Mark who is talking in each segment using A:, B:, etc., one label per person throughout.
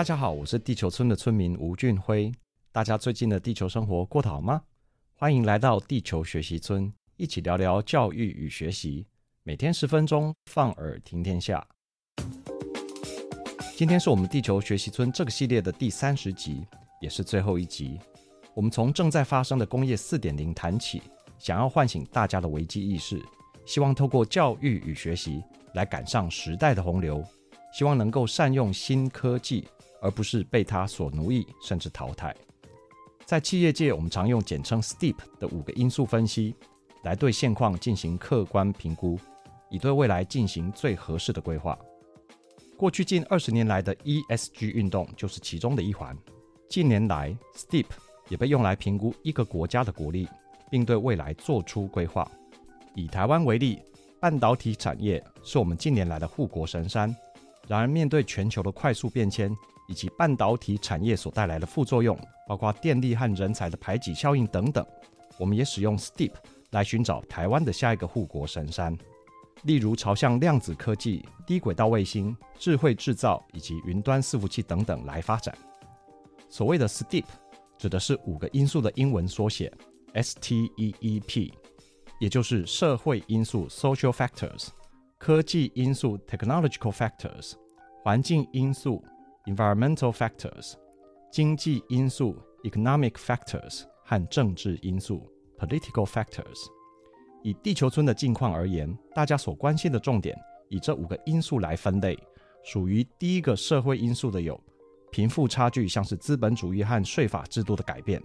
A: 大家好，我是地球村的村民吳俊輝。大家最近的地球生活過得好嗎？歡迎來到地球學習村，一起聊聊教育與學習。每天十分鐘，放耳聽天下。今天是我們地球學習村這個系列的第三十集，也是最後一集。我們從正在發生的工業四點零談起，想要喚醒大家的危機意識，希望透過教育與學習來趕上時代的洪流，希望能夠善用新科技，而不是被它所奴役甚至淘汰。在企業界，我們常用簡稱 STEEP 的五個因素分析，來對現況進行客觀評估，以對未來進行最合適的規劃。過去近二十年來的 ESG 運動就是其中的一環。近年來，STEEP 也被用來評估一個國家的國力，並對未來做出規劃。以台灣為例，半導體產業是我們近年來的護國神山。然而，面對全球的快速變遷，以及半導體產業所帶來的副作用，包括電力和人才的排擠效應等等。我們也使用 STEEP 來尋找台灣的下一個護國神山，例如朝向量子科技、低軌道衛星、智慧製造以及雲端伺服器等等來發展。所謂的 STEEP 指的是五個因素的英文縮寫，S T E E P，也就是社會因素 （Social Factors）、科技因素 （Technological Factors）、環境因素。Environmental factors、經濟因素 （economic factors） 和政治因素 （political factors）。以地球村的境況而言，大家所關心的重點，以這五個因素來分類，屬於第一個社會因素的有：貧富差距，像是資本主義和稅法制度的改變；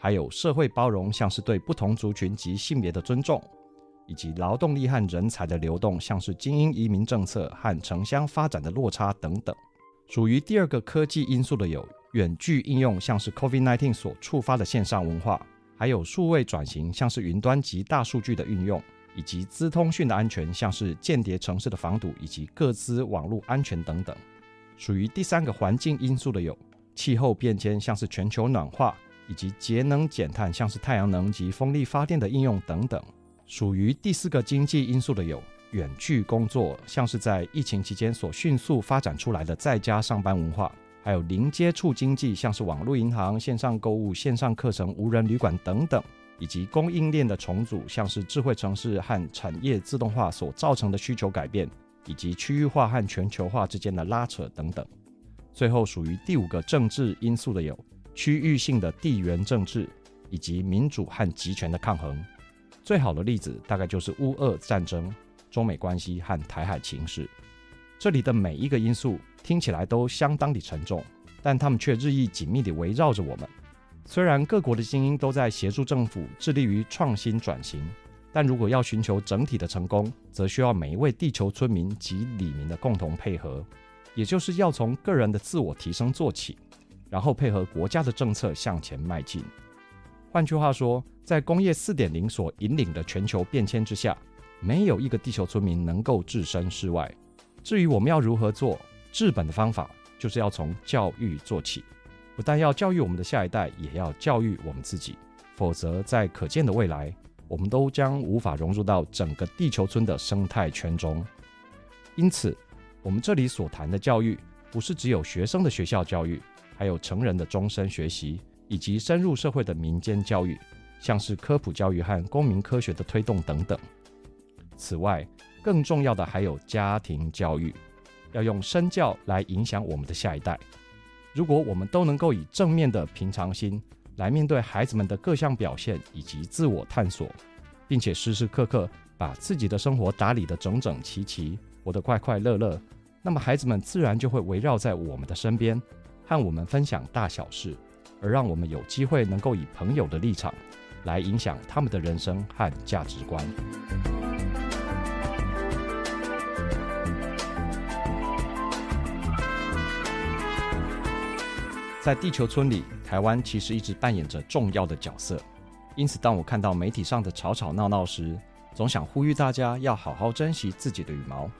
A: 還有社會包容，像是對不同族群及性別的尊重；以及勞動力和人才的流動，像是精英移民政策和城鄉發展的落差等等。屬於第二個科技因素的有遠距應用，像是 COVID-19 所觸發的線上文化，還有數位轉型，像是雲端及大數據的運用，以及資通訊的安全，像是間諜城市的防堵以及個資網絡安全等等。屬於第三個環境因素的有氣候變遷，像是全球暖化，以及節能減碳，像是太陽能及風力發電的應用等等。屬於第四個經濟因素的有。遠距工作，像是在疫情期間所迅速發展出來的在家上班文化，還有零接觸經濟，像是網絡銀行、線上購物、線上課程、無人旅館等等，以及供應鏈的重組，像是智慧城市和產業自動化所造成的需求改變，以及區域化和全球化之間的拉扯等等。最後，屬於第五個政治因素的有區域性的地緣政治，以及民主和集權的抗衡。最好的例子大概就是烏俄戰爭。中美關係和台海情勢，這裡的每一個因素聽起來都相當的沉重，但他們卻日益緊密地圍繞着我們。雖然各國的精英都在協助政府致力於創新轉型，但如果要尋求整體的成功，則需要每一位地球村民及里民的共同配合，也就是要從個人的自我提升做起，然後配合國家的政策向前邁進。換句話說，在工業四點零所引領的全球變遷之下，沒有一個地球村民能夠置身事外。至於我們要如何做，治本的方法就是要從教育做起，不但要教育我們的下一代，也要教育我們自己。否則，在可見的未來，我們都將無法融入到整個地球村的生態圈中。因此，我們這裡所談的教育，不是只有學生的學校教育，還有成人的終身學習，以及深入社會的民間教育，像是科普教育和公民科學的推動等等。此外，更重要的還有家庭教育，要用身教來影響我們的下一代。如果我們都能夠以正面的平常心來面對孩子們的各項表現以及自我探索，並且時時刻刻把自己的生活打理得整整齊齊，活得快快樂樂，那麼孩子們自然就會圍繞在我們的身邊，和我們分享大小事，而讓我們有機會能夠以朋友的立場來影響他們的人生和價值觀。在地球村裡，台灣其實一直扮演着重要的角色。因此，當我看到媒體上的吵吵鬧鬧時，總想呼籲大家要好好珍惜自己的羽毛。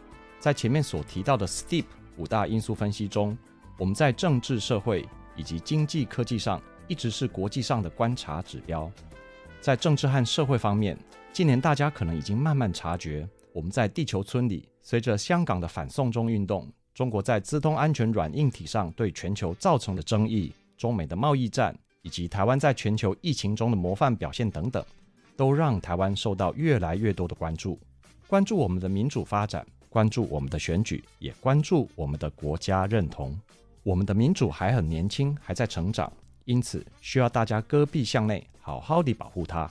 A: 在前面所提到的 STEEP 五大因素分析中，我們在政治、社會以及經濟科技上一直是國際上的觀察指標。在政治和社會方面，近年大家可能已經慢慢察覺，我們在地球村裡，隨着香港的反送中運動。中國在資通安全軟硬體上對全球造成的爭議、中美的貿易戰，以及台灣在全球疫情中的模範表現等等，都讓台灣受到越來越多的關注。關注我們的民主發展，關注我們的選舉，也關注我們的國家認同。我們的民主還很年輕，還在成長，因此需要大家胳臂向內，好好的保護它。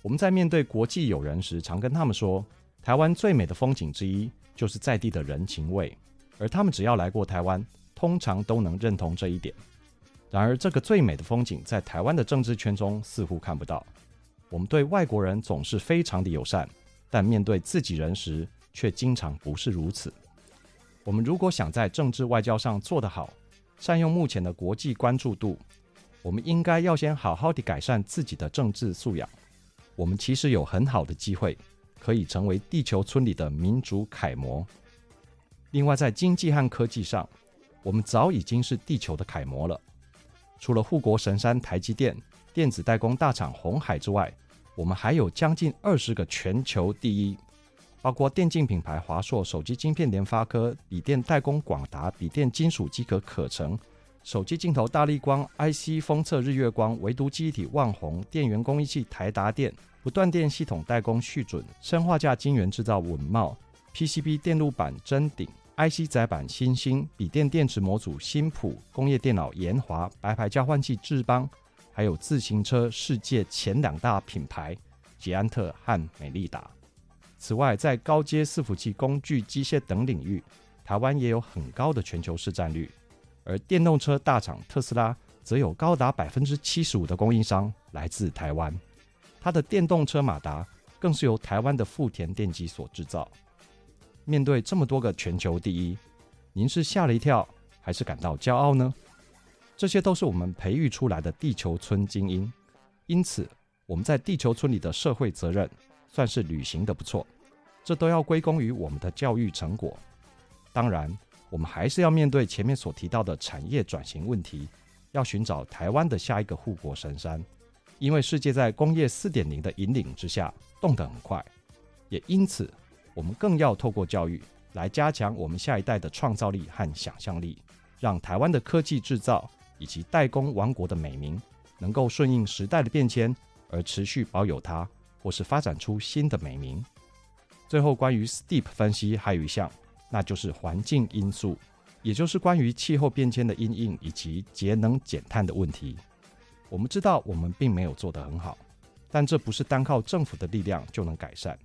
A: 我們在面對國際友人時，常跟他們說，台灣最美的風景之一，就是在地的人情味。而他們只要來過台灣，通常都能認同這一點。然而，這個最美的風景在台灣的政治圈中似乎看不到。我們對外國人總是非常的友善，但面對自己人時卻經常不是如此。我們如果想在政治外交上做得好，善用目前的國際關注度，我們應該要先好好的改善自己的政治素養。我們其實有很好的機會，可以成為地球村裡的民主楷模。另外，在經濟和科技上，我們早已經是地球的楷模了。除了護國神山台積電、電子代工大廠鴻海，之外，我們還有將近二十個全球第一，包括電競品牌華碩、手機晶片聯發科、筆電代工廣達、筆電金屬機殼可，可成、手機鏡頭大立光、IC 封測日月光、唯讀記憶體旺宏、電源供應器台達電、不斷電系統代工旭隼、砷化鎵晶圓製造穩懋、PCB 電路板臻鼎。IC 載板新興、筆電電池模組新普、工業電腦研華、白牌交換器智邦，還有自行車世界前兩大品牌捷安特和美利達。此外，在高階伺服器、工具機械等領域，台灣也有很高的全球市佔率。而電動車大廠特斯拉，則有高達百分之七十五的供應商來自台灣，它的電動車馬達更是由台灣的富田電機所製造。面對這麼多個全球第一，您是嚇了一跳，還是感到驕傲呢？這些都是我們培育出來的地球村精英，因此我們在地球村裡的社會責任算是履行得不錯，這都要歸功於我們的教育成果。當然，我們還是要面對前面所提到的產業轉型問題，要尋找台灣的下一個護國神山，因為世界在工業四點零的引領之下動得很快，也因此。我們更要透過教育來加強我們下一代的創造力和想象力，讓台灣的科技製造以及代工王國的美名能夠順應時代的變遷而持續保有它，或是發展出新的美名。最後，關於 STEEP 分析還有一項，那就是環境因素，也就是關於氣候變遷的因應以及節能減碳的問題。我們知道我們並沒有做得很好，但這不是單靠政府的力量就能改善。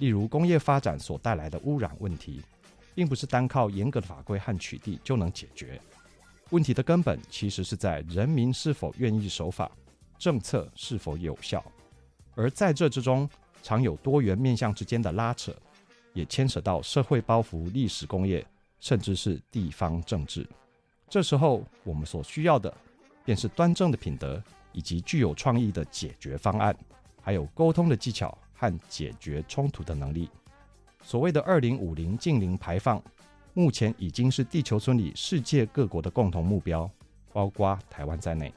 A: 例如，工業發展所帶來的污染問題，並不是單靠嚴格的法規和取締就能解決。問題的根本其實是在人民是否願意守法，政策是否有效，而在這之中常有多元面向之間的拉扯，也牽扯到社會包袱、歷史工業，甚至是地方政治。這時候，我們所需要的便是端正的品德，以及具有創意的解決方案，還有溝通的技巧，和解決衝突的能力。所謂的“二零五零淨零排放”，目前已經是地球村裡世界各國的共同目標，包括台灣在內。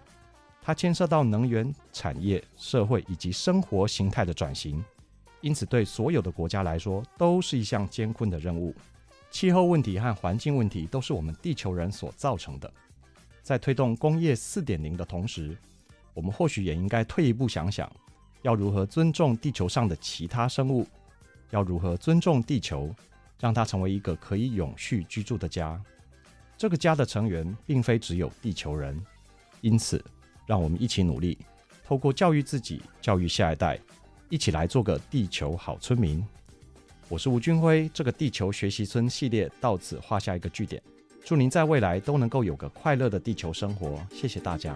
A: 它牽涉到能源、產業、社會以及生活形態的轉型，因此對所有的國家來說都是一項艱困的任務。氣候問題和環境問題都是我們地球人所造成的。在推動工業四點零的同時，我們或許也應該退一步想想。要如何尊重地球上的其他生物？要如何尊重地球，讓它成為一個可以永續居住的家？這個家的成員並非只有地球人，因此，讓我們一起努力，透過教育自己、教育下一代，一起來做個地球好村民。我是吳俊輝，這個地球學習村系列到此畫下一個句點。祝您在未來都能夠有個快樂的地球生活，謝謝大家。